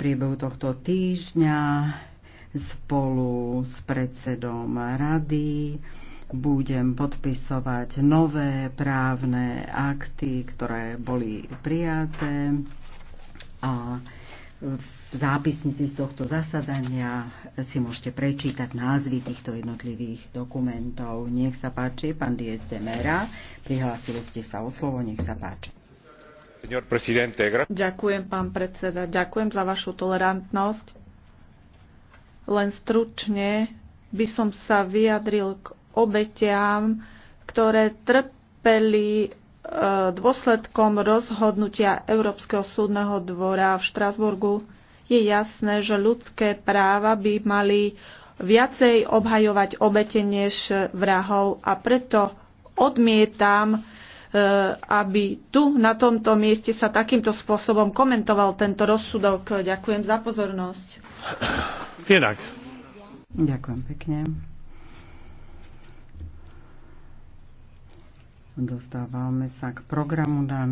priebehu tohto týždňa spolu s predsedom rady budem podpisovať nové právne akty, ktoré boli prijaté a v zápisnici z tohto zasadania si môžete prečítať názvy týchto jednotlivých dokumentov. Nech sa páči, pán Diez Demera, Mera, prihlásili ste sa o slovo, nech sa páči. Ďakujem, pán predseda. Ďakujem za vašu tolerantnosť. Len stručne by som sa vyjadril k obetiam, ktoré trpeli e, dôsledkom rozhodnutia Európskeho súdneho dvora v Štrasburgu. Je jasné, že ľudské práva by mali viacej obhajovať obete než vrahov a preto odmietam Eh, aby tu na tomto mieste sa takýmto spôsobom komentoval tento rozsudok. Ďakujem za pozornosť. Inak. Ďakujem pekne. Dostávame sa k programu. Dám